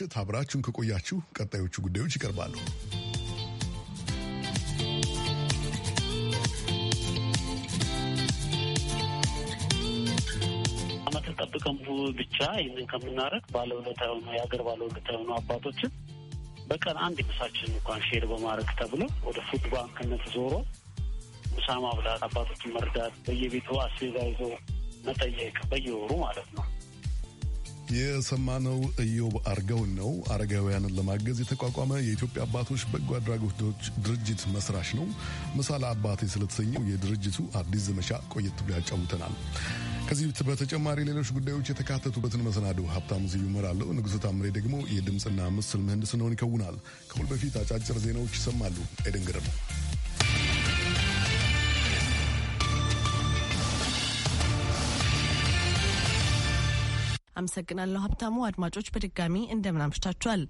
ምሽት አብራችሁን ከቆያችሁ ቀጣዮቹ ጉዳዮች ይቀርባሉ። አመትን ጠብቀን ብቻ ይህንን ከምናደርግ ባለውለታ የሆኑ የሀገር ባለውለታ የሆኑ አባቶችን በቀን አንድ ምሳችን እንኳን ሼር በማድረግ ተብሎ ወደ ፉድ ባንክነት ዞሮ ምሳ ማብላት፣ አባቶችን መርዳት፣ በየቤቱ አስቤዛ ይዞ መጠየቅ በየወሩ ማለት ነው። የሰማነው እዮብ አርገውን ነው። አረጋውያንን ለማገዝ የተቋቋመ የኢትዮጵያ አባቶች በጎ አድራጎቶች ድርጅት መስራች ነው። ምሳሌ አባቴ ስለተሰኘው የድርጅቱ አዲስ ዘመቻ ቆየት ብሎ ያጫውተናል። ከዚህ በተጨማሪ ሌሎች ጉዳዮች የተካተቱበትን መሰናዶ ሀብታሙ ዚ ይመራለሁ። ንጉሥ ታምሬ ደግሞ የድምፅና ምስል ምህንድስናውን ይከውናል። ከሁል በፊት አጫጭር ዜናዎች ይሰማሉ። ኤደን ገረመው አመሰግናለሁ ሀብታሙ። አድማጮች በድጋሚ እንደምን አምሽታችኋል።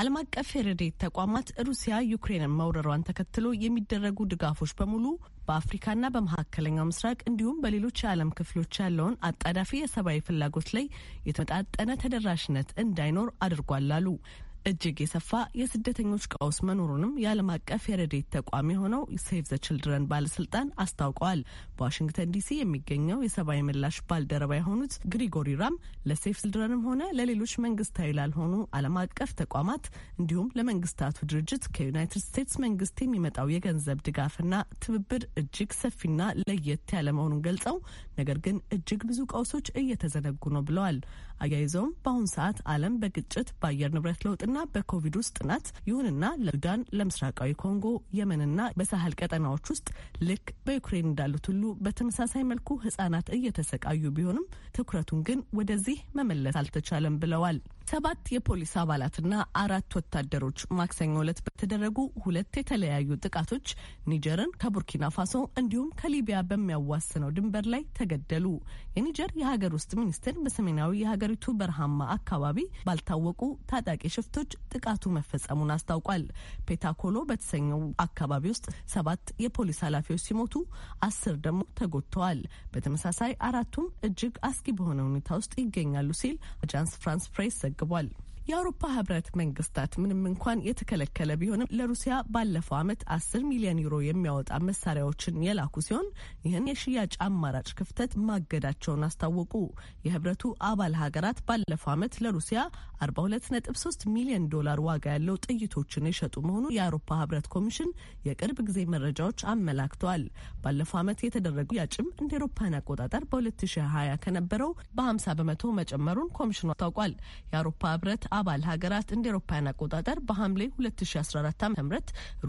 ዓለም አቀፍ የረድኤት ተቋማት ሩሲያ ዩክሬንን መውረሯን ተከትሎ የሚደረጉ ድጋፎች በሙሉ በአፍሪካና በመካከለኛው ምስራቅ እንዲሁም በሌሎች የዓለም ክፍሎች ያለውን አጣዳፊ የሰብአዊ ፍላጎት ላይ የተመጣጠነ ተደራሽነት እንዳይኖር አድርጓል አሉ። እጅግ የሰፋ የስደተኞች ቀውስ መኖሩንም የዓለም አቀፍ የረዴት ተቋም የሆነው ሴቭ ዘ ችልድረን ባለስልጣን አስታውቀዋል። በዋሽንግተን ዲሲ የሚገኘው የሰብአዊ ምላሽ ባልደረባ የሆኑት ግሪጎሪ ራም ለሴቭ ችልድረንም ሆነ ለሌሎች መንግስታዊ ላልሆኑ ዓለም አቀፍ ተቋማት እንዲሁም ለመንግስታቱ ድርጅት ከዩናይትድ ስቴትስ መንግስት የሚመጣው የገንዘብ ድጋፍና ትብብር እጅግ ሰፊና ለየት ያለ መሆኑን ገልጸው ነገር ግን እጅግ ብዙ ቀውሶች እየተዘነጉ ነው ብለዋል። አያይዘውም በአሁኑ ሰዓት ዓለም በግጭት በአየር ንብረት ለውጥና በኮቪድ ውስጥ ናት። ይሁንና ለሱዳን፣ ለምስራቃዊ ኮንጎ፣ የመንና በሳህል ቀጠናዎች ውስጥ ልክ በዩክሬን እንዳሉት ሁሉ በተመሳሳይ መልኩ ህጻናት እየተሰቃዩ ቢሆንም ትኩረቱን ግን ወደዚህ መመለስ አልተቻለም ብለዋል። ሰባት የፖሊስ አባላትና አራት ወታደሮች ማክሰኞ ዕለት በተደረጉ ሁለት የተለያዩ ጥቃቶች ኒጀርን ከቡርኪና ፋሶ እንዲሁም ከሊቢያ በሚያዋስነው ድንበር ላይ ተገደሉ። የኒጀር የሀገር ውስጥ ሚኒስቴር በሰሜናዊ የሀገሪቱ በረሃማ አካባቢ ባልታወቁ ታጣቂ ሽፍቶች ጥቃቱ መፈጸሙን አስታውቋል። ፔታኮሎ በተሰኘው አካባቢ ውስጥ ሰባት የፖሊስ ኃላፊዎች ሲሞቱ አስር ደግሞ ተጎድተዋል። በተመሳሳይ አራቱም እጅግ አስጊ በሆነ ሁኔታ ውስጥ ይገኛሉ ሲል አጃንስ ፍራንስ ፕሬስ ዘግቧል። የአውሮፓ ህብረት መንግስታት ምንም እንኳን የተከለከለ ቢሆንም ለሩሲያ ባለፈው ዓመት አስር ሚሊዮን ዩሮ የሚያወጣ መሳሪያዎችን የላኩ ሲሆን ይህን የሽያጭ አማራጭ ክፍተት ማገዳቸውን አስታወቁ። የህብረቱ አባል ሀገራት ባለፈው ዓመት ለሩሲያ 42.3 ሚሊዮን ዶላር ዋጋ ያለው ጥይቶችን የሸጡ መሆኑ የአውሮፓ ህብረት ኮሚሽን የቅርብ ጊዜ መረጃዎች አመላክተዋል። ባለፈው ዓመት የተደረጉ ያጭም እንደ አውሮፓውያን አቆጣጠር በ2020 ከነበረው በ50 በመቶ መጨመሩን ኮሚሽኑ አስታውቋል። የአውሮፓ ህብረት አባል ሀገራት እንደ ኤሮፓያን አቆጣጠር በሐምሌ 2014 ዓ ም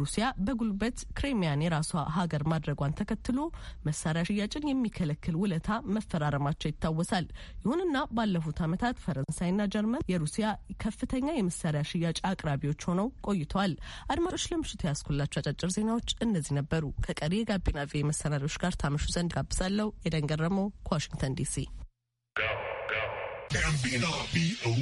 ሩሲያ በጉልበት ክሬሚያን የራሷ ሀገር ማድረጓን ተከትሎ መሳሪያ ሽያጭን የሚከለክል ውለታ መፈራረማቸው ይታወሳል። ይሁንና ባለፉት ዓመታት ፈረንሳይና ጀርመን የሩሲያ ከፍተኛ የመሳሪያ ሽያጭ አቅራቢዎች ሆነው ቆይተዋል። አድማጮች ለምሽቱ ያስኩላቸው አጫጭር ዜናዎች እነዚህ ነበሩ። ከቀሪ የጋቢና ቪ መሰናዶች ጋር ታመሹ ዘንድ ጋብዛለሁ። የደንገረመው ገረመው ከዋሽንግተን ዲሲ ጋቢና ቪኦኤ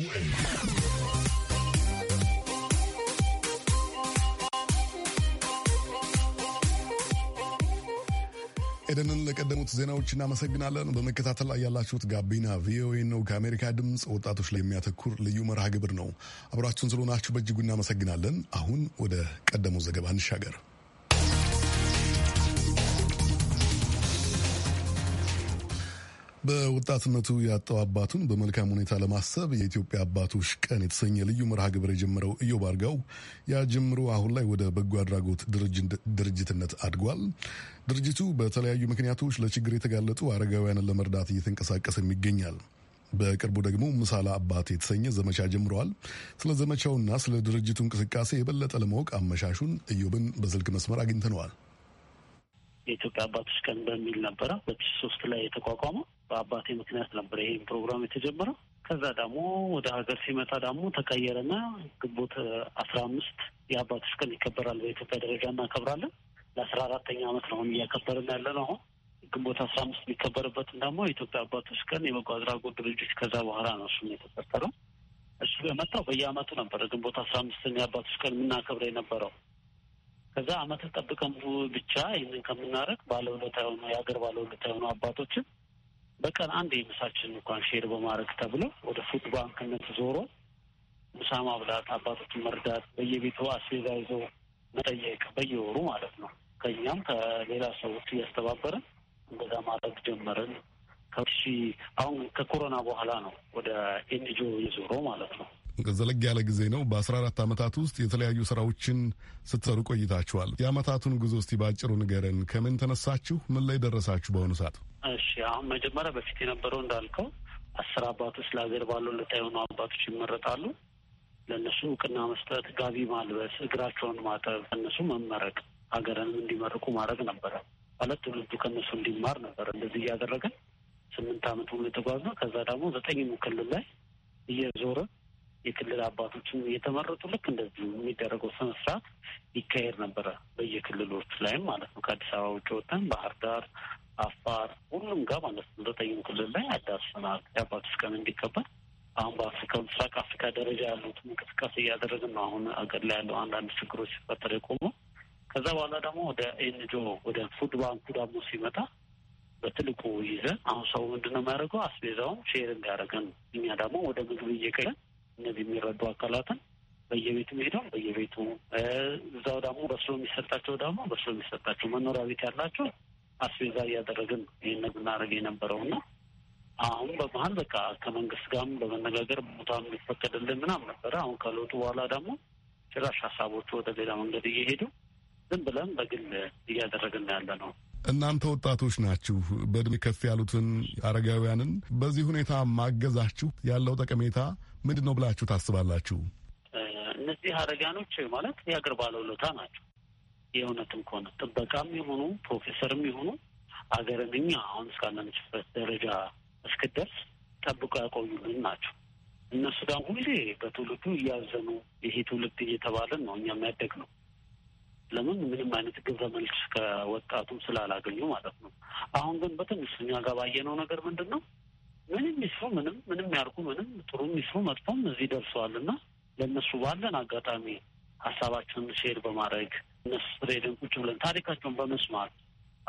ኤደንን ለቀደሙት ዜናዎች እናመሰግናለን። በመከታተል ላይ ያላችሁት ጋቢና ቪኦኤ ነው፣ ከአሜሪካ ድምፅ ወጣቶች ላይ የሚያተኩር ልዩ መርሃ ግብር ነው። አብራችሁን ስለሆናችሁ በእጅጉ እናመሰግናለን። አሁን ወደ ቀደመው ዘገባ እንሻገር። በወጣትነቱ ያጣው አባቱን በመልካም ሁኔታ ለማሰብ የኢትዮጵያ አባቶች ቀን የተሰኘ ልዩ መርሃ ግብር የጀመረው ኢዮብ አርጋው ያ ጀምሮ አሁን ላይ ወደ በጎ አድራጎት ድርጅትነት አድጓል። ድርጅቱ በተለያዩ ምክንያቶች ለችግር የተጋለጡ አረጋውያንን ለመርዳት እየተንቀሳቀሰም ይገኛል። በቅርቡ ደግሞ ምሳላ አባት የተሰኘ ዘመቻ ጀምረዋል። ስለ ዘመቻውና ስለ ድርጅቱ እንቅስቃሴ የበለጠ ለማወቅ አመሻሹን እዮብን በስልክ መስመር አግኝተነዋል። የኢትዮጵያ አባቶች ቀን በሚል ነበረ ሁለት ሺ ሶስት ላይ የተቋቋመው። በአባቴ ምክንያት ነበረ ይህም ፕሮግራም የተጀመረው። ከዛ ደግሞ ወደ ሀገር ሲመጣ ደግሞ ተቀየረና ግንቦት አስራ አምስት የአባቶች ቀን ይከበራል። በኢትዮጵያ ደረጃ እናከብራለን። ለአስራ አራተኛ አመት ነው እያከበርን ያለ ነው። አሁን ግንቦት አስራ አምስት የሚከበርበትን ደግሞ የኢትዮጵያ አባቶች ቀን የበጎ አድራጎት ድርጅት ከዛ በኋላ ነው እሱም የተፈጠረው። እሱ የመጣው በየአመቱ ነበረ ግንቦት አስራ አምስትን የአባቶች ቀን የምናከብረ የነበረው ከዛ አመት ጠብቀን ብቻ ይህንን ከምናደርግ ባለውለታ የሆኑ የሀገር ባለውለታ የሆኑ አባቶችን በቀን አንድ የምሳችን እንኳን ሼር በማድረግ ተብሎ ወደ ፉድ ባንክነት ዞሮ ምሳ ማብላት፣ አባቶችን መርዳት፣ በየቤቱ አስቤዛ ይዞ መጠየቅ በየወሩ ማለት ነው። ከእኛም ከሌላ ሰዎች እያስተባበርን እንደዛ ማድረግ ጀመርን። ከሺ አሁን ከኮሮና በኋላ ነው ወደ ኤንጂኦ የዞሮ ማለት ነው። ዘለግ ያለ ጊዜ ነው። በ14 ዓመታት ውስጥ የተለያዩ ስራዎችን ስትሰሩ ቆይታችኋል። የአመታቱን ጉዞ እስቲ ባጭሩ ንገረን። ከምን ተነሳችሁ? ምን ላይ ደረሳችሁ በአሁኑ ሰዓት? እሺ፣ አሁን መጀመሪያ በፊት የነበረው እንዳልከው አስር አባቶች ለሀገር ባለው የሆኑ አባቶች ይመረጣሉ። ለእነሱ እውቅና መስጠት፣ ጋቢ ማልበስ፣ እግራቸውን ማጠብ፣ እነሱ መመረቅ፣ ሀገርንም እንዲመርቁ ማድረግ ነበረ። ማለት ትውልዱ ከእነሱ እንዲማር ነበር። እንደዚህ እያደረገን ስምንት አመት ሙሉ የተጓዝነው። ከዛ ደግሞ ዘጠኝ ክልል ላይ እየዞረ የክልል አባቶችን እየተመረጡ ልክ እንደዚሁ የሚደረገው ስነስርዓት ይካሄድ ነበረ በየክልሎች ላይም ማለት ነው። ከአዲስ አበባ ውጭ ወጥተን ባህር ዳር፣ አፋር ሁሉም ጋር ማለት ነው ዘጠኝም ክልል ላይ አዳርሰናል። የአባቶች ቀን እንዲከበር አሁን በአፍሪካ ምስራቅ አፍሪካ ደረጃ ያሉትን እንቅስቃሴ እያደረግን ነው። አሁን አገር ላይ ያለው አንዳንድ ችግሮች ሲፈጠር የቆሙ ከዛ በኋላ ደግሞ ወደ ኤንጆ ወደ ፉድ ባንኩ ደግሞ ሲመጣ በትልቁ ይዘን አሁን ሰው ምንድነው የሚያደርገው አስቤዛውን ሼር እንዲያደርገን እኛ ደግሞ ወደ ምግብ እየቀየን እነዚህ የሚረዱ አካላትን በየቤቱ ሄደው በየቤቱ እዛው ደግሞ በስሎ የሚሰጣቸው ደግሞ በስሎ የሚሰጣቸው መኖሪያ ቤት ያላቸው አስቤዛ እያደረግን ነው ይህን ብናደርግ የነበረው እና አሁን በመሀል በቃ ከመንግስት ጋርም በመነጋገር ቦታ የሚፈቀድልን ምናምን ነበረ። አሁን ከለውጡ በኋላ ደግሞ ጭራሽ ሀሳቦቹ ወደ ሌላ መንገድ እየሄዱ ዝም ብለን በግል እያደረግን ያለ ነው። እናንተ ወጣቶች ናችሁ፣ በእድሜ ከፍ ያሉትን አረጋውያንን በዚህ ሁኔታ ማገዛችሁ ያለው ጠቀሜታ ምንድን ነው ብላችሁ ታስባላችሁ? እነዚህ አረጋኖች ማለት የሀገር ባለውለታ ናቸው። የእውነትም ከሆነ ጥበቃም የሆኑ ፕሮፌሰርም የሆኑ አገርን እኛ አሁን እስካለንችበት ደረጃ እስክደርስ ጠብቆ ያቆዩልን ናቸው። እነሱ ጋር ሁሌ በትውልዱ እያዘኑ ይሄ ትውልድ እየተባለን ነው እኛ የሚያደግ ነው። ለምን ምንም አይነት ግብረ መልስ ከወጣቱም ስላላገኙ ማለት ነው። አሁን ግን በትንሽ እኛ ጋር ባየነው ነገር ምንድን ነው ምንም ይስሩ ምንም ምንም ያርጉ ምንም ጥሩ ይስሩ መጥፎም እዚህ ደርሰዋል እና ለእነሱ ባለን አጋጣሚ ሀሳባቸውን ሼር በማድረግ እነሱ ሬድን ቁጭ ብለን ታሪካቸውን በመስማት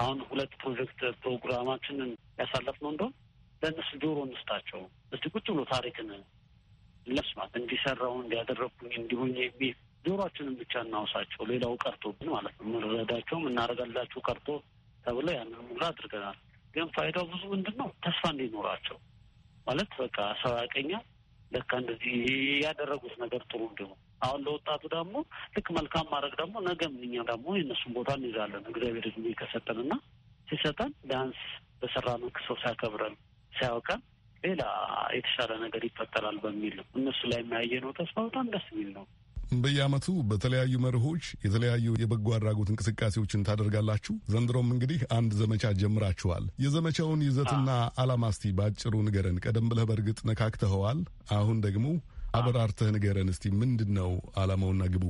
አሁን ሁለት ፕሮጀክት ፕሮግራማችንን ያሳለፍነው እንደውም ለእነሱ ጆሮ እንስጣቸው። እዚህ ቁጭ ብሎ ታሪክን ለስማት እንዲሰራው እንዲያደረግኩኝ እንዲሆኝ የሚ ጆሮአችንን ብቻ እናውሳቸው። ሌላው ቀርቶብን ማለት ነው ምንረዳቸው የምናረጋላቸው ቀርቶ ተብለ ያንን ሙላ አድርገናል። ግን ፋይዳው ብዙ ምንድን ነው? ተስፋ እንዲኖራቸው ማለት በቃ ሰው አሰራቀኛ ለካ እንደዚህ ያደረጉት ነገር ጥሩ እንዲሆን አሁን ለወጣቱ ደግሞ ልክ መልካም ማድረግ ደግሞ ነገም እኛም ደግሞ የእነሱን ቦታ እንይዛለን። እግዚአብሔር እድሜ ከሰጠን እና ሲሰጠን ቢያንስ በሰራ መልክ ሰው ሲያከብረን ሲያውቀን ሌላ የተሻለ ነገር ይፈጠራል በሚል ነው። እነሱ ላይ የሚያየነው ተስፋ በጣም ደስ የሚል ነው። በየአመቱ በተለያዩ መርሆች የተለያዩ የበጎ አድራጎት እንቅስቃሴዎችን ታደርጋላችሁ። ዘንድሮም እንግዲህ አንድ ዘመቻ ጀምራችኋል። የዘመቻውን ይዘትና አላማ እስቲ በአጭሩ ንገረን። ቀደም ብለህ በእርግጥ ነካክተኸዋል። አሁን ደግሞ አበራርተህ ንገረን እስቲ ምንድን ነው አላማውና ግቡ?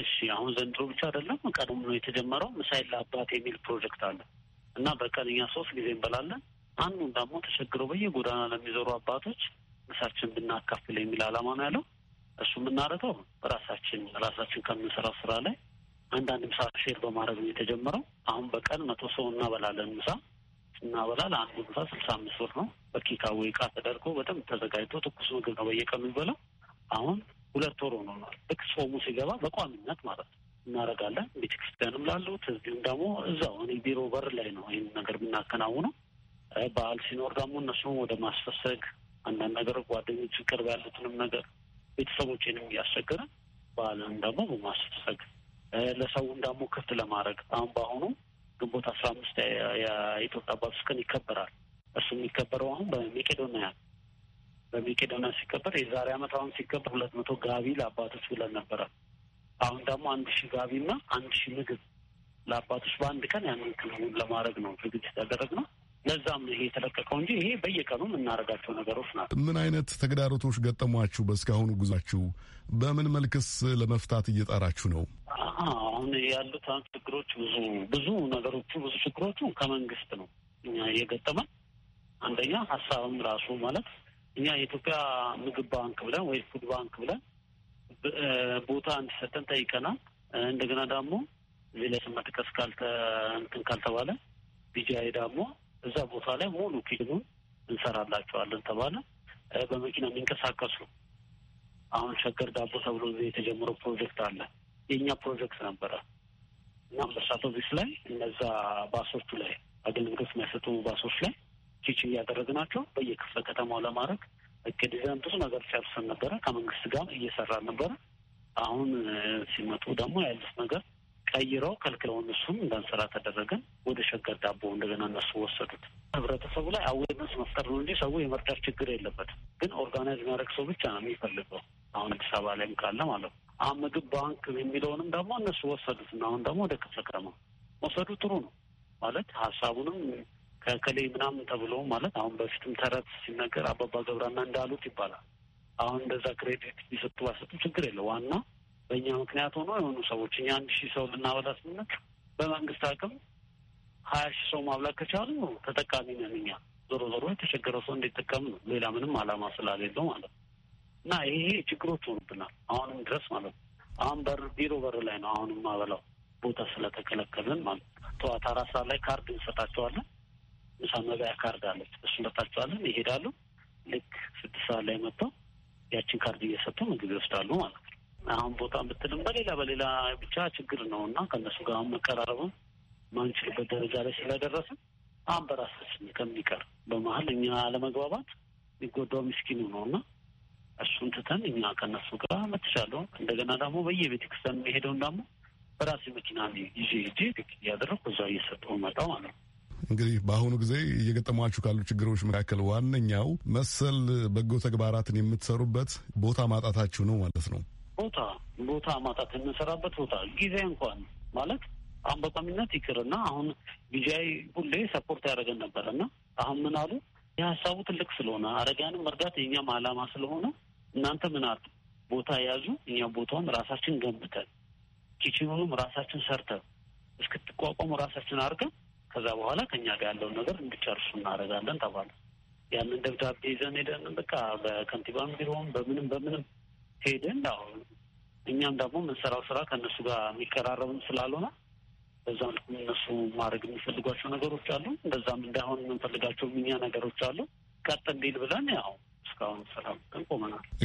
እሺ፣ አሁን ዘንድሮ ብቻ አይደለም ቀደም ነው የተጀመረው። ምሳይል ለአባት የሚል ፕሮጀክት አለ እና በቀን እኛ ሶስት ጊዜ እንበላለን። አንዱን ደግሞ ተቸግረው በየጎዳና ለሚዞሩ አባቶች ምሳችን ብናካፍል የሚል ዓላማ ነው ያለው እሱ የምናደርገው ራሳችን ራሳችን ከምንሰራው ስራ ላይ አንዳንድ ምሳ ሼር በማድረግ ነው የተጀመረው። አሁን በቀን መቶ ሰው እናበላለን። ምሳ ስናበላ ለአንዱ ምሳ ስልሳ አምስት ብር ነው። በኪካዌ እቃ ተደርጎ በጣም ተዘጋጅቶ ትኩስ ምግብ ነው በየቀኑ የሚበላው። አሁን ሁለት ወር ሆኖናል። ልክ ጾሙ ሲገባ በቋሚነት ማለት ነው እናደርጋለን። ቤተክርስቲያንም ላሉት እዚሁም ደግሞ እዛው እኔ ቢሮ በር ላይ ነው ይህን ነገር የምናከናውነው። በዓል ሲኖር ደግሞ እነሱም ወደ ማስፈሰግ አንዳንድ ነገር ጓደኞች ቅርብ ያሉትንም ነገር ነው እያስቸገረ ባህልን ደግሞ በማስፈሰግ ለሰውን ደግሞ ክፍት ለማድረግ አሁን በአሁኑ ግንቦት አስራ አምስት የኢትዮጵያ አባቶች ቀን ይከበራል። እሱ የሚከበረው አሁን በሜቄዶኒያ በሜቄዶኒያ ሲከበር የዛሬ አመት አሁን ሲከበር ሁለት መቶ ጋቢ ለአባቶች ብለን ነበረ። አሁን ደግሞ አንድ ሺህ ጋቢና አንድ ሺህ ምግብ ለአባቶች በአንድ ቀን ያንን ክንውን ለማድረግ ነው ዝግጅት ያደረግነው። ለዛም ነው ይሄ የተለቀቀው እንጂ ይሄ በየቀኑ የምናደርጋቸው ነገሮች ናቸው። ምን አይነት ተግዳሮቶች ገጠሟችሁ በእስካሁኑ ጉዟችሁ? በምን መልክስ ለመፍታት እየጣራችሁ ነው? አሁን ያሉት ችግሮች ብዙ ብዙ ነገሮቹ ብዙ ችግሮቹ ከመንግስት ነው የገጠመን። አንደኛ ሀሳብም ራሱ ማለት እኛ የኢትዮጵያ ምግብ ባንክ ብለን ወይ ፉድ ባንክ ብለን ቦታ እንዲሰጠን ጠይቀናል። እንደገና ደግሞ ሌላ ስመ ጥቀስ ካልተ እንትን ካልተባለ ቢጃይ ደግሞ እዛ ቦታ ላይ ሙሉ ፊልሙ እንሰራላቸዋለን ተባለ። በመኪና የሚንቀሳቀሱ አሁን ሸገር ዳቦ ተብሎ የተጀመረው ፕሮጀክት አለ። የእኛ ፕሮጀክት ነበረ እና ኦፊስ ላይ እነዛ ባሶቹ ላይ አገልግሎት የሚያሰጡ ባሶች ላይ እያደረግ ናቸው በየክፍለ ከተማው ለማድረግ እቅድ ይዘን ብዙ ነገር ሲያርሰን ነበረ። ከመንግስት ጋር እየሰራ ነበረ። አሁን ሲመጡ ደግሞ ያሉት ነገር ቀይረው ከልክለውን እሱም እንዳንሰራ ተደረገን። ወደ ሸገር ዳቦ እንደገና እነሱ ወሰዱት። ህብረተሰቡ ላይ አዌርነስ መፍጠር ነው እንጂ ሰው የመርዳት ችግር የለበትም። ግን ኦርጋናይዝ ማድረግ ሰው ብቻ ነው የሚፈልገው። አሁን አዲስ አበባ ላይም ካለ ማለት ነው። አሁን ምግብ ባንክ የሚለውንም ደግሞ እነሱ ወሰዱት እና አሁን ደግሞ ወደ ክፍለ ከተማ ወሰዱ። ጥሩ ነው ማለት ሀሳቡንም ከከሌ ምናምን ተብሎ ማለት አሁን በፊትም ተረት ሲነገር አባባ ገብራና እንዳሉት ይባላል። አሁን እንደዛ ክሬዲት ቢሰጡ ባሰጡ ችግር የለው ዋና በእኛ ምክንያት ሆኖ የሆኑ ሰዎች እኛ አንድ ሺህ ሰው ልናበላ ስምነት በመንግስት አቅም ሀያ ሺህ ሰው ማብላት ከቻሉ ተጠቃሚ ነን እኛ። ዞሮ ዞሮ የተቸገረ ሰው እንዲጠቀም ነው። ሌላ ምንም አላማ ስላሌለው ማለት ነው። እና ይሄ ችግሮች ሆኑብናል አሁንም ድረስ ማለት ነው። አሁን በር ቢሮ በር ላይ ነው አሁንም ማበላው ቦታ ስለተከለከልን ማለት ነው። ጠዋት አራት ሰዓት ላይ ካርድ እንሰጣቸዋለን። ምሳ መብያ ካርድ አለች። እሱ እንሰጣቸዋለን፣ ይሄዳሉ። ልክ ስድስት ሰዓት ላይ መጥተው ያችን ካርድ እየሰጡ ምግብ ይወስዳሉ ማለት ነው። አሁን ቦታ ብትልም በሌላ በሌላ ብቻ ችግር ነው እና ከእነሱ ጋር አሁን መቀራረብም ማንችልበት ደረጃ ላይ ስለደረስን አሁን በራሳችን ከሚቀር በመሀል እኛ አለመግባባት የሚጎዳው ምስኪኑ ነው እና እሱን ትተን እኛ ከእነሱ ጋር መትቻለሁ። እንደገና ደግሞ በየቤተ ክርስቲያን የሚሄደውን ደግሞ በራሴ መኪና ይዤ ሄጄ እያደረግኩ እዛ እየሰጠው መጣው ማለት ነው። እንግዲህ በአሁኑ ጊዜ እየገጠሟችሁ ካሉ ችግሮች መካከል ዋነኛው መሰል በጎ ተግባራትን የምትሰሩበት ቦታ ማጣታችሁ ነው ማለት ነው። ቦታ ቦታ ማጣት የምንሰራበት ቦታ ጊዜ እንኳን ማለት አሁን በቋሚነት ይቅርና አሁን ቢጂአይ ሁሌ ሰፖርት ያደረገን ነበር አሁን ምን አሉ የሀሳቡ ትልቅ ስለሆነ አረጋንም መርዳት የእኛም አላማ ስለሆነ እናንተ ምን አሉ ቦታ ያዙ፣ እኛ ቦታውን ራሳችን ገንብተን ኪችኑንም ራሳችን ሰርተን እስክትቋቋሙ ራሳችን አድርገን ከዛ በኋላ ከኛ ጋር ያለውን ነገር እንድጨርሱ እናደርጋለን ተባለ። ያንን ደብዳቤ ይዘን ሄደን በቃ በከንቲባን ቢሮም በምንም በምንም ሄደን ያው እኛም ደግሞ የምንሰራው ስራ ከእነሱ ጋር የሚቀራረብም ስላልሆነ በዛ እነሱ ማድረግ የሚፈልጓቸው ነገሮች አሉ፣ እንደዛም እንዳይሆን የምንፈልጋቸው እኛ ነገሮች አሉ። ቀጥ እንዲል ብለን ያው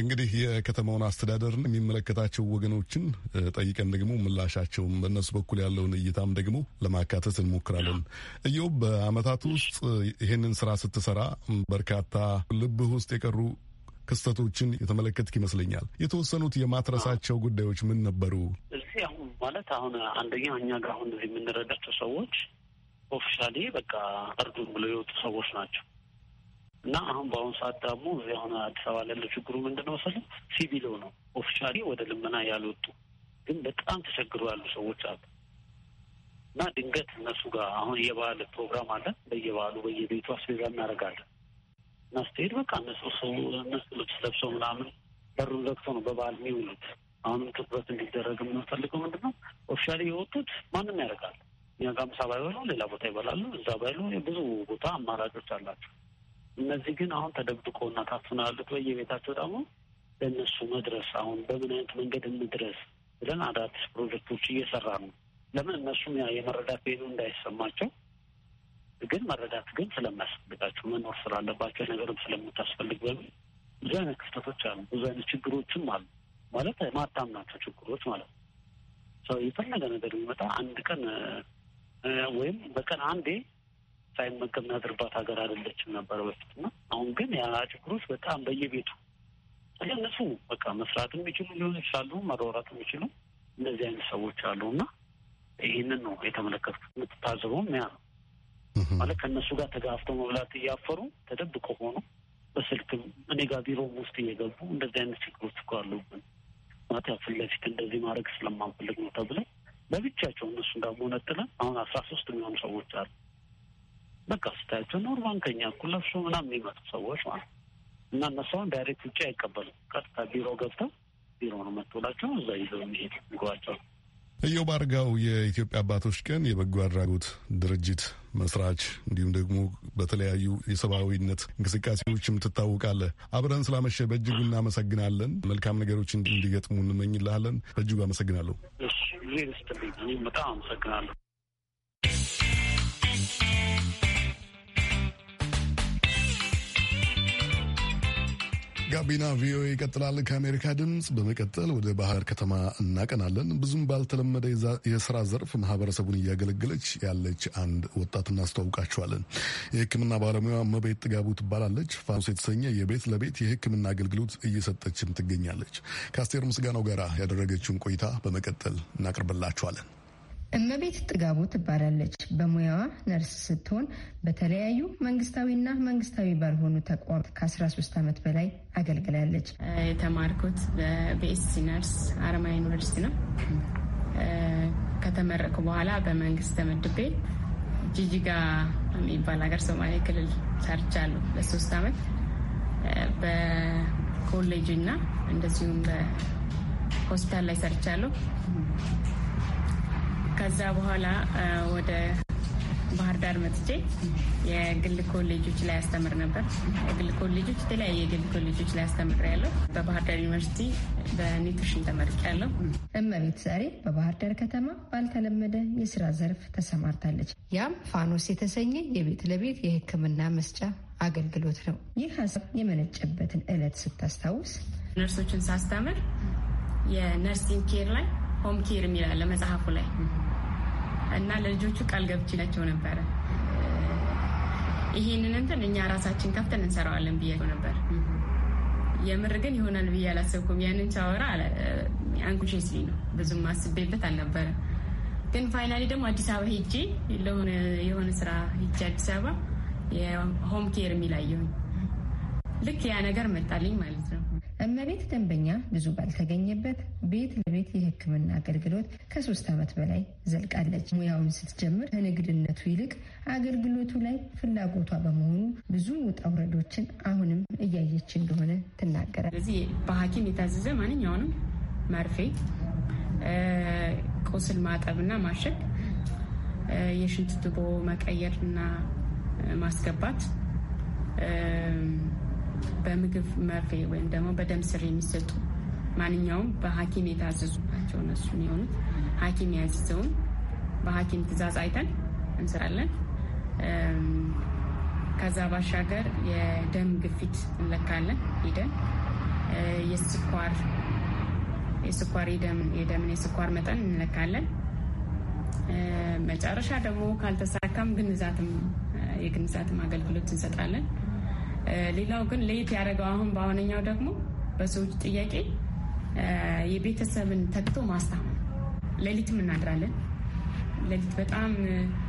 እንግዲህ የከተማውን አስተዳደርን የሚመለከታቸው ወገኖችን ጠይቀን ደግሞ ምላሻቸውም በእነሱ በኩል ያለውን እይታም ደግሞ ለማካተት እንሞክራለን። እየው በአመታት ውስጥ ይህንን ስራ ስትሰራ በርካታ ልብህ ውስጥ የቀሩ ክስተቶችን የተመለከትክ ይመስለኛል። የተወሰኑት የማትረሳቸው ጉዳዮች ምን ነበሩ? እዚህ አሁን ማለት አሁን አንደኛ እኛ ጋር አሁን የምንረዳቸው ሰዎች ኦፊሻሊ በቃ እርዱን ብሎ የወጡ ሰዎች ናቸው እና አሁን በአሁኑ ሰዓት ደግሞ እዚህ አሁን አዲስ አበባ ላለው ችግሩ ምንድን ነው መሰለህ? ነው ኦፊሻሊ ወደ ልመና ያልወጡ ግን በጣም ተቸግሮ ያሉ ሰዎች አሉ እና ድንገት እነሱ ጋር አሁን የበዓል ፕሮግራም አለን። በየበዓሉ በየቤቱ አስቤዛ እናደርጋለን። እና ስትሄድ በቃ እነሱ ሰው እነሱ ልብስ ለብሰው ምናምን በሩን ዘግቶ ነው በበዓል የሚውሉት። አሁንም ትኩረት እንዲደረግ የምንፈልገው ምንድን ነው ኦፊሻሊ የወጡት ማንም ያደርጋል። እኛ ጋር ምሳ ባይበሉ ሌላ ቦታ ይበላሉ። እዛ ባይሉ ብዙ ቦታ አማራጮች አላቸው። እነዚህ ግን አሁን ተደብቆ እና ታፍነው ያሉት በየቤታቸው ደግሞ ለእነሱ መድረስ አሁን በምን አይነት መንገድ እንድረስ ብለን አዳዲስ ፕሮጀክቶች እየሰራ ነው። ለምን እነሱም የመረዳት ቤሉ እንዳይሰማቸው ግን መረዳት ግን ስለሚያስፈልጋቸው መኖር ስላለባቸው ነገርም ስለምታስፈልግ በሚል ብዙ አይነት ክፍተቶች አሉ። ብዙ አይነት ችግሮችም አሉ። ማለት ማታም ናቸው ችግሮች ማለት ነው። የፈለገ ነገር የሚመጣ አንድ ቀን ወይም በቀን አንዴ ሳይመገብ የሚያድርባት ሀገር አይደለችም ነበረ በፊት እና አሁን ግን ያ ችግሮች በጣም በየቤቱ እነሱ በቃ መስራት የሚችሉ ሊሆን ይችላሉ፣ መራራት የሚችሉ እነዚህ አይነት ሰዎች አሉ እና ይህንን ነው የተመለከትኩት። የምትታዘበውም ያ ነው። ማለት ከእነሱ ጋር ተጋፍተው መብላት እያፈሩ ተደብቆ ሆኖ በስልክም እኔ ጋር ቢሮ ውስጥ እየገቡ እንደዚህ አይነት ችግሮች እኮ አሉብን ማለት ፊት ለፊት እንደዚህ ማድረግ ስለማንፈልግ ነው ተብለን በብቻቸው እነሱ ደግሞ አሁን አስራ ሶስት የሚሆኑ ሰዎች አሉ። በቃ ስታያቸው ኖርማል ከኛ እኩል ለብሶ ምናምን የሚመጡ ሰዎች ማለት እና እነሳውን ዳይሬክት ውጭ አይቀበልም። ቀጥታ ቢሮ ገብተው ቢሮ ነው መጥቶላቸው እዛ ይዘው የሚሄድ ምግባቸው። እዮብ አርጋው የኢትዮጵያ አባቶች ቀን የበጎ አድራጎት ድርጅት መስራች እንዲሁም ደግሞ በተለያዩ የሰብአዊነት እንቅስቃሴዎችም ትታወቃለህ። አብረን ስላመሸ በእጅጉ እናመሰግናለን። መልካም ነገሮች እንዲገጥሙ እንመኝልሃለን። በእጅጉ አመሰግናለሁ። በጣም አመሰግናለሁ። ጋቢና ቪኦኤ ይቀጥላል። ከአሜሪካ ድምፅ በመቀጠል ወደ ባህር ከተማ እናቀናለን። ብዙም ባልተለመደ የስራ ዘርፍ ማህበረሰቡን እያገለገለች ያለች አንድ ወጣት እናስተዋውቃችኋለን። የሕክምና ባለሙያ መቤት ጥጋቡ ትባላለች። ፋኖስ የተሰኘ የቤት ለቤት የሕክምና አገልግሎት እየሰጠችም ትገኛለች። ከአስቴር ምስጋናው ጋር ያደረገችውን ቆይታ በመቀጠል እናቅርብላችኋለን። እመቤት ጥጋቡ ትባላለች። በሙያዋ ነርስ ስትሆን በተለያዩ መንግስታዊና መንግስታዊ ባልሆኑ ተቋም ከ13 ዓመት በላይ አገልግላለች። የተማርኩት በኤስሲ ነርስ አረማያ ዩኒቨርሲቲ ነው። ከተመረቅኩ በኋላ በመንግስት ተመድቤ ጂጂጋ የሚባል ሀገር ሶማሌ ክልል ሰርቻለሁ ለሶስት ዓመት በኮሌጅ እና እንደዚሁም በሆስፒታል ላይ ሰርቻለሁ። ከዛ በኋላ ወደ ባህር ዳር መጥቼ የግል ኮሌጆች ላይ አስተምር ነበር። የግል ኮሌጆች የተለያዩ የግል ኮሌጆች ላይ አስተምር ያለው በባህር ዳር ዩኒቨርሲቲ በኒትሪሽን ተመርቅ ያለው እመቤት ዛሬ በባህር ዳር ከተማ ባልተለመደ የስራ ዘርፍ ተሰማርታለች። ያም ፋኖስ የተሰኘ የቤት ለቤት የሕክምና መስጫ አገልግሎት ነው። ይህ ሀሳብ የመነጨበትን እለት ስታስታውስ ነርሶችን ሳስተምር የነርሲንግ ኬር ላይ ሆም ኬር የሚላለ መጽሐፉ ላይ እና ለልጆቹ ቃል ገብቼላቸው ነበረ ይሄንን እንትን እኛ ራሳችን ከፍተን እንሰራዋለን ብያቸው ነበር። የምር ግን ይሆናል ብዬ አላሰብኩም። ያንን ቻወራ አንኩሽስ ነው ብዙም አስቤበት አልነበረ። ግን ፋይናሊ ደግሞ አዲስ አበባ ሄጄ ለሆነ የሆነ ስራ ሄጄ አዲስ አበባ የሆም ኬር የሚላየሁኝ ልክ ያ ነገር መጣልኝ ማለት እመቤት ደንበኛ ብዙ ባልተገኘበት ቤት ለቤት የሕክምና አገልግሎት ከሶስት ዓመት በላይ ዘልቃለች። ሙያውን ስትጀምር ከንግድነቱ ይልቅ አገልግሎቱ ላይ ፍላጎቷ በመሆኑ ብዙ ውጣ ውረዶችን አሁንም እያየች እንደሆነ ትናገራል። ስለዚህ በሐኪም የታዘዘ ማንኛውንም መርፌ፣ ቁስል ማጠብና ማሸግ፣ የሽንት ትቦ መቀየርና ማስገባት በምግብ መርፌ ወይም ደግሞ በደም ስር የሚሰጡ ማንኛውም በሐኪም የታዘዙ ናቸው። እነሱ የሆኑት ሐኪም ያዘዘውን በሐኪም ትእዛዝ አይተን እንስራለን። ከዛ ባሻገር የደም ግፊት እንለካለን ሂደን የስኳር የስኳር የደምን የስኳር መጠን እንለካለን። መጨረሻ ደግሞ ካልተሳካም ግንዛትም የግንዛትም አገልግሎት እንሰጣለን። ሌላው ግን ለየት ያደረገው አሁን በአሁነኛው ደግሞ በሰዎች ጥያቄ የቤተሰብን ተግቶ ማስታመን ሌሊትም እናድራለን። ሌሊት በጣም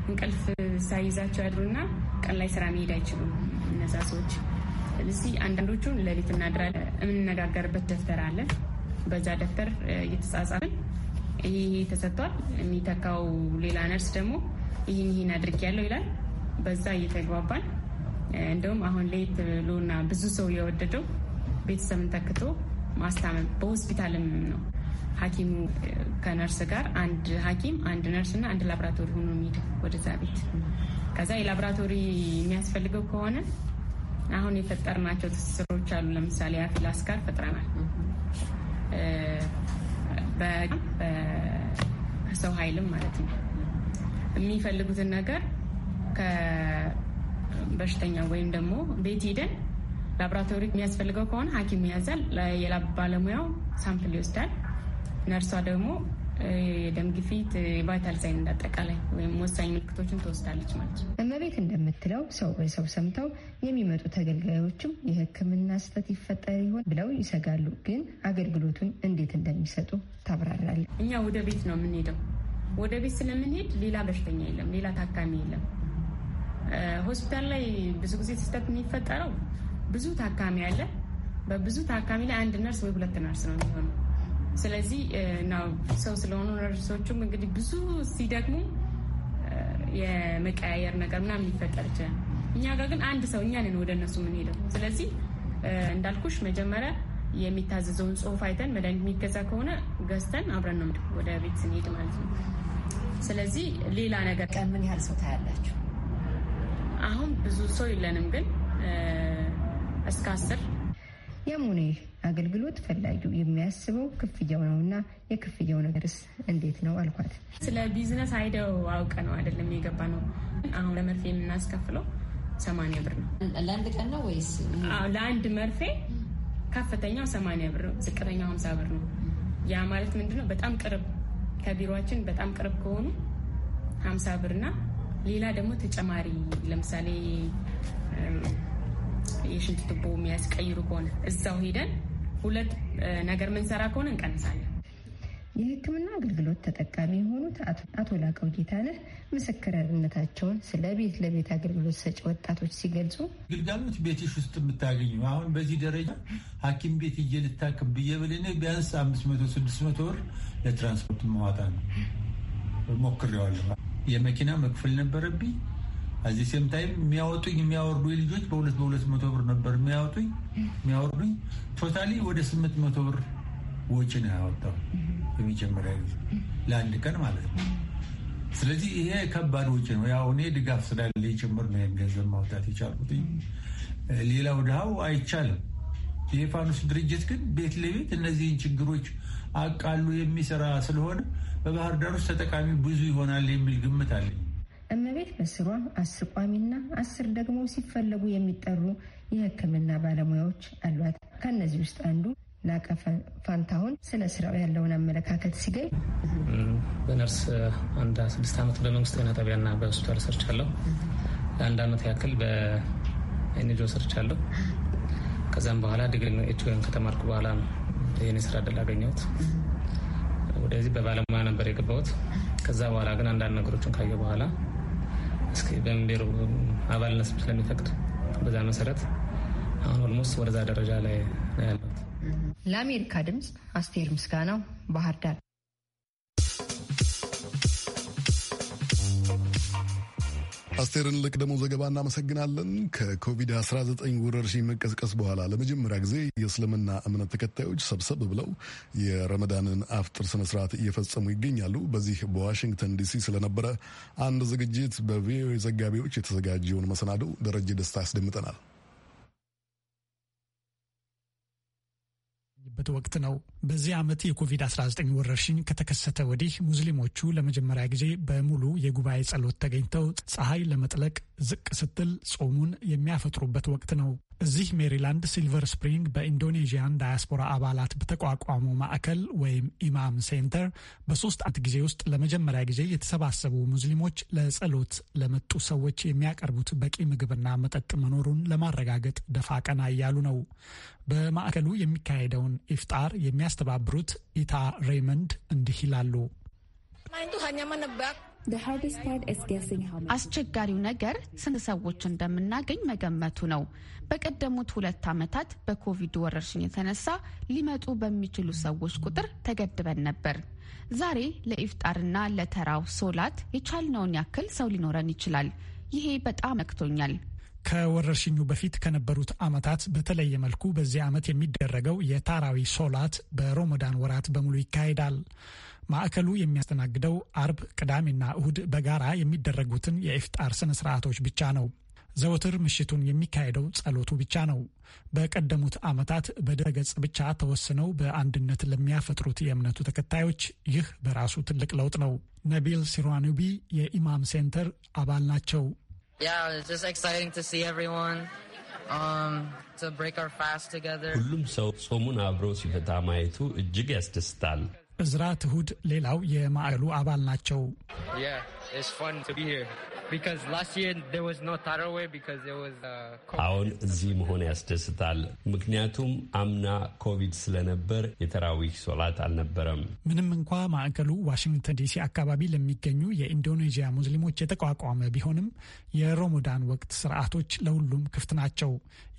እንቅልፍ ሳይዛቸው ያድሩና ቀን ላይ ስራ መሄድ አይችሉም እነዛ ሰዎች። ስለዚህ አንዳንዶቹን ሌሊት እናድራለን። የምንነጋገርበት ደብተር አለ። በዛ ደብተር እየተጻጻፍን ይሄ ተሰጥቷል፣ የሚተካው ሌላ ነርስ ደግሞ ይህን ይህን አድርጌያለሁ ይላል። በዛ እየተግባባን እንደውም አሁን ለየት ብሎና ብዙ ሰው የወደደው ቤተሰብን ተክቶ ማስታመም በሆስፒታልም ነው። ሐኪሙ ከነርስ ጋር አንድ ሐኪም አንድ ነርስ እና አንድ ላብራቶሪ ሆኖ የሚሄደው ወደዛ ቤት ከዛ የላብራቶሪ የሚያስፈልገው ከሆነ አሁን የፈጠርናቸው ትስስሮች አሉ። ለምሳሌ አፊላስ ጋር ፈጥረናል። በሰው ኃይልም ማለት ነው የሚፈልጉትን ነገር በሽተኛ ወይም ደግሞ ቤት ሂደን ላብራቶሪ የሚያስፈልገው ከሆነ ሐኪም ያዛል። የላብ ባለሙያው ሳምፕል ይወስዳል። ነርሷ ደግሞ የደም ግፊት፣ የቫይታል ሳይን እንዳጠቃላይ ወይም ወሳኝ ምልክቶችን ትወስዳለች ማለት ነው። እመቤት እንደምትለው ሰው በሰው ሰምተው የሚመጡ ተገልጋዮችም የሕክምና ስህተት ይፈጠር ይሆን ብለው ይሰጋሉ። ግን አገልግሎቱን እንዴት እንደሚሰጡ ታብራራለች። እኛ ወደ ቤት ነው የምንሄደው። ወደ ቤት ስለምንሄድ ሌላ በሽተኛ የለም፣ ሌላ ታካሚ የለም። ሆስፒታል ላይ ብዙ ጊዜ ስህተት የሚፈጠረው ብዙ ታካሚ አለ። በብዙ ታካሚ ላይ አንድ ነርስ ወይ ሁለት ነርስ ነው የሚሆኑ። ስለዚህ ሰው ስለሆኑ ነርሶቹም እንግዲህ ብዙ ሲደግሙ የመቀያየር ነገር ምናምን ሊፈጠር ይችላል። እኛ ጋር ግን አንድ ሰው እኛ ነን ወደ እነሱ የምንሄደው። ስለዚህ እንዳልኩሽ መጀመሪያ የሚታዘዘውን ጽሁፍ አይተን መድኃኒት የሚገዛ ከሆነ ገዝተን አብረን ነው ወደ ቤት ስንሄድ ማለት ነው። ስለዚህ ሌላ ነገር ቀን ምን ያህል ሰው ታያላችሁ? አሁን ብዙ ሰው የለንም፣ ግን እስከ አስር የሙኔ አገልግሎት ፈላጊው የሚያስበው ክፍያው ነው እና የክፍያው ነገርስ እንዴት ነው አልኳት። ስለ ቢዝነስ አይደው አውቀ ነው አይደለም የገባ ነው። አሁን ለመርፌ የምናስከፍለው ሰማንያ ብር ነው ለአንድ ቀን ነው ወይስ ለአንድ መርፌ? ከፍተኛው ሰማንያ ብር ነው፣ ዝቅተኛው ሀምሳ ብር ነው። ያ ማለት ምንድነው? በጣም ቅርብ ከቢሮችን በጣም ቅርብ ከሆኑ ሀምሳ ብርና ሌላ ደግሞ ተጨማሪ ለምሳሌ የሽንት ቱቦ የሚያስቀይሩ ከሆነ እዛው ሄደን ሁለት ነገር ምንሰራ ከሆነ እንቀንሳለን። የሕክምና አገልግሎት ተጠቃሚ የሆኑት አቶ ላቀው ጌታነህ ምስክርነታቸውን ስለ ቤት ለቤት አገልግሎት ሰጪ ወጣቶች ሲገልጹ ግልጋሎት ቤትሽ ውስጥ የምታገኙ አሁን በዚህ ደረጃ ሐኪም ቤት እየ ልታክም ብዬ ብልን ቢያንስ አምስት መቶ ስድስት መቶ ብር ለትራንስፖርት መዋጣ ነው ሞክሬዋለሁ። የመኪና መክፈል ነበረብኝ። እዚህ ሴም ታይም የሚያወጡኝ የሚያወርዱ ልጆች በሁለት በሁለት መቶ ብር ነበር የሚያወጡኝ የሚያወርዱኝ። ቶታሊ ወደ ስምንት መቶ ብር ወጪ ነው ያወጣው በመጀመሪያ ጊዜ ለአንድ ቀን ማለት ነው። ስለዚህ ይሄ ከባድ ወጪ ነው። ያው እኔ ድጋፍ ስላለ ጭምር ነው ገንዘብ ማውጣት የቻልኩት። ሌላው ድሃው አይቻልም። የፋኑስ ድርጅት ግን ቤት ለቤት እነዚህን ችግሮች አቃሉ የሚሰራ ስለሆነ በባህር ዳር ውስጥ ተጠቃሚ ብዙ ይሆናል የሚል ግምት አለኝ። እመቤት በስሯ አስር ቋሚና አስር ደግሞ ሲፈለጉ የሚጠሩ የሕክምና ባለሙያዎች አሏት። ከእነዚህ ውስጥ አንዱ ላቀ ፋንታሁን ስለ ስራው ያለውን አመለካከት ሲገኝ በነርስ አንድ ስድስት ዓመት በመንግስት ጤና ጣቢያና በሆስፒታል ሰርች አለው። ለአንድ ዓመት ያክል በኤንጆ ሰርች አለው። ከዛም በኋላ ዲግሪ ኤችን ከተማርኩ በኋላ ነው ይህን ስራ ዕድል አገኘሁት። ወደዚህ በባለሙያ ነበር የገባሁት። ከዛ በኋላ ግን አንዳንድ ነገሮችን ካየ በኋላ እስኪ በምንቤሩ አባልነት ስለሚፈቅድ በዛ መሰረት አሁን ኦልሞስት ወደዛ ደረጃ ላይ ያለት። ለአሜሪካ ድምፅ አስቴር ምስጋናው ባህር ዳር። አስቴርን ልቅ ደግሞ ዘገባ እናመሰግናለን። ከኮቪድ-19 ወረርሽኝ መቀስቀስ በኋላ ለመጀመሪያ ጊዜ የእስልምና እምነት ተከታዮች ሰብሰብ ብለው የረመዳንን አፍጥር ስነስርዓት እየፈጸሙ ይገኛሉ። በዚህ በዋሽንግተን ዲሲ ስለነበረ አንድ ዝግጅት በቪኦኤ ዘጋቢዎች የተዘጋጀውን መሰናዶ ደረጀ ደስታ ያስደምጠናል። በት ወቅት ነው በዚህ ዓመት የኮቪድ-19 ወረርሽኝ ከተከሰተ ወዲህ ሙስሊሞቹ ለመጀመሪያ ጊዜ በሙሉ የጉባኤ ጸሎት ተገኝተው ፀሐይ ለመጥለቅ ዝቅ ስትል ጾሙን የሚያፈጥሩበት ወቅት ነው። እዚህ ሜሪላንድ ሲልቨር ስፕሪንግ በኢንዶኔዥያን ዳያስፖራ አባላት በተቋቋመው ማዕከል ወይም ኢማም ሴንተር በሶስት ዓመት ጊዜ ውስጥ ለመጀመሪያ ጊዜ የተሰባሰቡ ሙስሊሞች ለጸሎት ለመጡ ሰዎች የሚያቀርቡት በቂ ምግብና መጠጥ መኖሩን ለማረጋገጥ ደፋ ቀና እያሉ ነው። በማዕከሉ የሚካሄደውን ኢፍጣር የሚያስ የሚያስተባብሩት ኢታ ሬይመንድ እንዲህ ይላሉ። አስቸጋሪው ነገር ስንት ሰዎች እንደምናገኝ መገመቱ ነው። በቀደሙት ሁለት ዓመታት በኮቪድ ወረርሽኝ የተነሳ ሊመጡ በሚችሉ ሰዎች ቁጥር ተገድበን ነበር። ዛሬ ለኢፍጣርና ለተራው ሶላት የቻልነውን ያክል ሰው ሊኖረን ይችላል። ይሄ በጣም መክቶኛል። ከወረርሽኙ በፊት ከነበሩት ዓመታት በተለየ መልኩ በዚህ ዓመት የሚደረገው የታራዊ ሶላት በሮሞዳን ወራት በሙሉ ይካሄዳል። ማዕከሉ የሚያስተናግደው አርብ፣ ቅዳሜና እሁድ በጋራ የሚደረጉትን የኢፍጣር ስነ ስርዓቶች ብቻ ነው። ዘወትር ምሽቱን የሚካሄደው ጸሎቱ ብቻ ነው። በቀደሙት ዓመታት በድረገጽ ብቻ ተወስነው በአንድነት ለሚያፈጥሩት የእምነቱ ተከታዮች ይህ በራሱ ትልቅ ለውጥ ነው። ነቢል ሲሯኑቢ የኢማም ሴንተር አባል ናቸው። Yeah, it's just exciting to see everyone. Um, to break our fast together. ሁሉም ሰው ጾሙን አብሮ ሲፈታ ማየቱ እጅግ ያስደስታል። እዝራ ትሁድ ሌላው የማዕከሉ አባል ናቸው። uh, አሁን እዚህ መሆን ያስደስታል። ምክንያቱም አምና ኮቪድ ስለነበር የተራዊህ ሶላት አልነበረም። ምንም እንኳ ማዕከሉ ዋሽንግተን ዲሲ አካባቢ ለሚገኙ የኢንዶኔዥያ ሙስሊሞች የተቋቋመ ቢሆንም የሮሞዳን ወቅት ስርዓቶች ለሁሉም ክፍት ናቸው።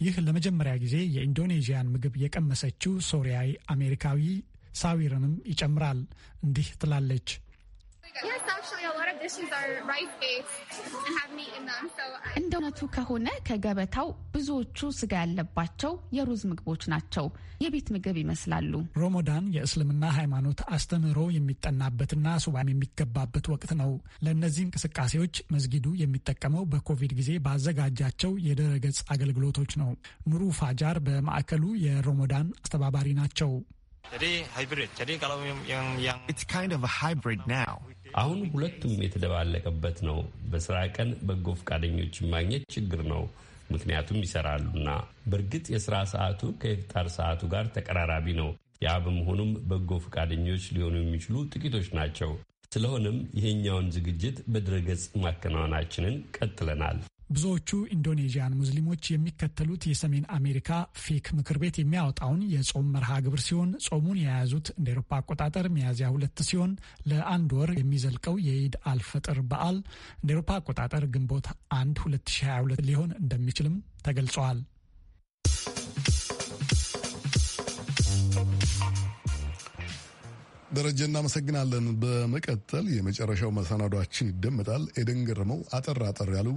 ይህ ለመጀመሪያ ጊዜ የኢንዶኔዥያን ምግብ የቀመሰችው ሶሪያዊ አሜሪካዊ ሳዊርንም ይጨምራል። እንዲህ ትላለች። እንደ እውነቱ ከሆነ ከገበታው ብዙዎቹ ስጋ ያለባቸው የሩዝ ምግቦች ናቸው። የቤት ምግብ ይመስላሉ። ሮሞዳን የእስልምና ሃይማኖት አስተምህሮ የሚጠናበትና ሱባኤም የሚገባበት ወቅት ነው። ለእነዚህ እንቅስቃሴዎች መስጊዱ የሚጠቀመው በኮቪድ ጊዜ ባዘጋጃቸው የድረገጽ አገልግሎቶች ነው። ኑሩ ፋጃር በማዕከሉ የሮሞዳን አስተባባሪ ናቸው። It's kind of a hybrid now. አሁን ሁለቱም የተደባለቀበት ነው። በስራ ቀን በጎ ፈቃደኞች ማግኘት ችግር ነው፣ ምክንያቱም ይሰራሉና። በእርግጥ የስራ ሰዓቱ ከኢፍጣር ሰዓቱ ጋር ተቀራራቢ ነው። ያ በመሆኑም በጎ ፈቃደኞች ሊሆኑ የሚችሉ ጥቂቶች ናቸው። ስለሆነም ይሄኛውን ዝግጅት በድረገጽ ማከናወናችንን ቀጥለናል። ብዙዎቹ ኢንዶኔዥያን ሙስሊሞች የሚከተሉት የሰሜን አሜሪካ ፊክ ምክር ቤት የሚያወጣውን የጾም መርሃ ግብር ሲሆን ጾሙን የያዙት እንደ ኤሮፓ አቆጣጠር ሚያዝያ ሁለት ሲሆን ለአንድ ወር የሚዘልቀው የኢድ አልፈጥር በዓል እንደ ኤሮፓ አቆጣጠር ግንቦት አንድ 2022 ሊሆን እንደሚችልም ተገልጿል። ደረጀ እናመሰግናለን። በመቀጠል የመጨረሻው መሰናዷችን ይደመጣል። ኤደን ገረመው አጠር አጠር ያሉ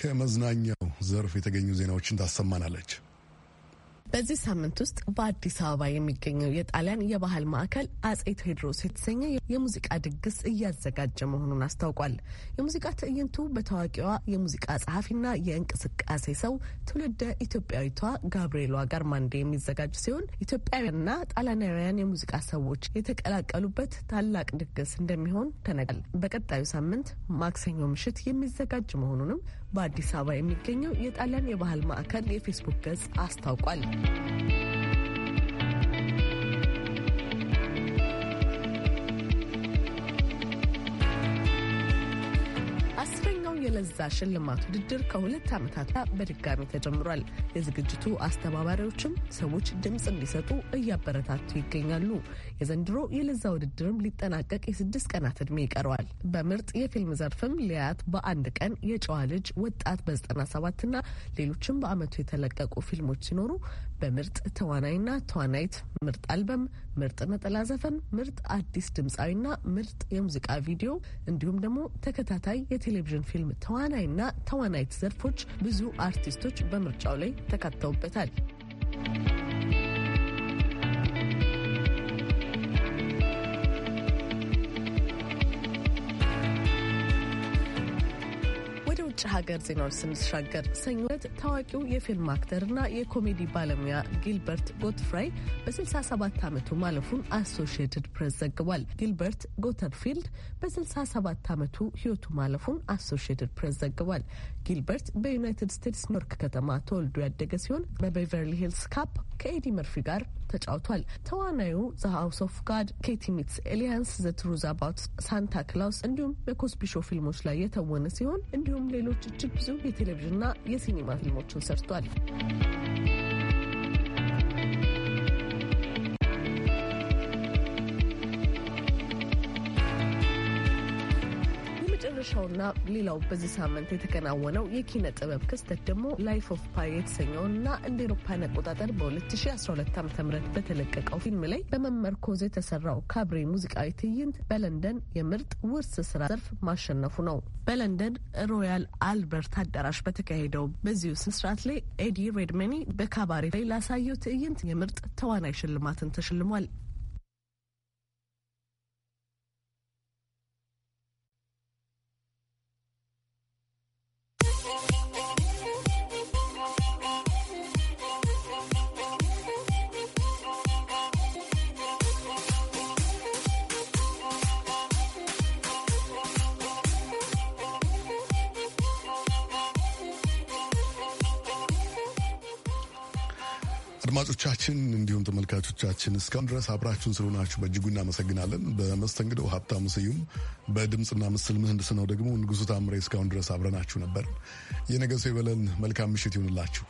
ከመዝናኛው ዘርፍ የተገኙ ዜናዎችን ታሰማናለች። በዚህ ሳምንት ውስጥ በአዲስ አበባ የሚገኘው የጣሊያን የባህል ማዕከል አጼ ቴዎድሮስ የተሰኘ የሙዚቃ ድግስ እያዘጋጀ መሆኑን አስታውቋል። የሙዚቃ ትዕይንቱ በታዋቂዋ የሙዚቃ ጸሐፊና የእንቅስቃሴ ሰው ትውልደ ኢትዮጵያዊቷ ጋብርኤሏ ጋርማንዴ የሚዘጋጅ ሲሆን ኢትዮጵያውያንና ጣሊያናውያን የሙዚቃ ሰዎች የተቀላቀሉበት ታላቅ ድግስ እንደሚሆን ተነግሯል። በቀጣዩ ሳምንት ማክሰኞ ምሽት የሚዘጋጅ መሆኑንም በአዲስ አበባ የሚገኘው የጣሊያን የባህል ማዕከል የፌስቡክ ገጽ አስታውቋል። የለዛ ሽልማት ውድድር ከሁለት ዓመታት በድጋሚ ተጀምሯል። የዝግጅቱ አስተባባሪዎችም ሰዎች ድምፅ እንዲሰጡ እያበረታቱ ይገኛሉ። የዘንድሮ የለዛ ውድድርም ሊጠናቀቅ የስድስት ቀናት ዕድሜ ይቀረዋል። በምርጥ የፊልም ዘርፍም ሊያት በአንድ ቀን፣ የጨዋ ልጅ፣ ወጣት በ97 እና ሌሎችም በአመቱ የተለቀቁ ፊልሞች ሲኖሩ በምርጥ ተዋናይና ተዋናይት፣ ምርጥ አልበም፣ ምርጥ ነጠላ ዘፈን፣ ምርጥ አዲስ ድምፃዊና ምርጥ የሙዚቃ ቪዲዮ እንዲሁም ደግሞ ተከታታይ የቴሌቪዥን ፊልም ተዋናይና ተዋናይት ዘርፎች ብዙ አርቲስቶች በምርጫው ላይ ተካተውበታል። ሀገር ዜናዎች ስንሻገር ሰኞ ዕለት ታዋቂው የፊልም አክተርና የኮሜዲ ባለሙያ ጊልበርት ጎትፍራይ በ67 ዓመቱ ማለፉን አሶሽየትድ ፕሬስ ዘግቧል። ጊልበርት ጎተርፊልድ በ67 ዓመቱ ህይወቱ ማለፉን አሶሽየትድ ፕሬስ ዘግቧል። ጊልበርት በዩናይትድ ስቴትስ ኒውዮርክ ከተማ ተወልዶ ያደገ ሲሆን በቤቨርሊ ሂልስ ካፕ ከኤዲ መርፊ ጋር ተጫውቷል። ተዋናዩ ዘ ሀውስ ኦፍ ጋድ፣ ኬቲ ሚትስ ኤሊያንስ፣ ዘ ትሩዝ አባውት ሳንታ ክላውስ እንዲሁም በኮስፒሾ ፊልሞች ላይ የተወነ ሲሆን እንዲሁም ሌሎች እጅግ ብዙ የቴሌቪዥንና የሲኒማ ፊልሞችን ሰርቷል። የመጨረሻውና ሌላው በዚህ ሳምንት የተከናወነው የኪነ ጥበብ ክስተት ደግሞ ላይፍ ኦፍ ፓይ የተሰኘውና እንደ ኤሮፓን አቆጣጠር በ2012 ዓ ም በተለቀቀው ፊልም ላይ በመመርኮዝ የተሰራው ካብሬ ሙዚቃዊ ትዕይንት በለንደን የምርጥ ውርስ ስራ ዘርፍ ማሸነፉ ነው። በለንደን ሮያል አልበርት አዳራሽ በተካሄደው በዚሁ ስነስርዓት ላይ ኤዲ ሬድመኒ በካባሬ ላይ ላሳየው ትዕይንት የምርጥ ተዋናይ ሽልማትን ተሸልሟል። አድማጮቻችን እንዲሁም ተመልካቾቻችን እስካሁን ድረስ አብራችሁን ስለሆናችሁ በእጅጉ እናመሰግናለን። በመስተንግደው ሀብታሙ ስዩም፣ በድምፅና ምስል ምህንድስናው ደግሞ ንጉሱ ታምሬ እስካሁን ድረስ አብረናችሁ ነበር። የነገ ሰው ይበለን። መልካም ምሽት ይሁንላችሁ።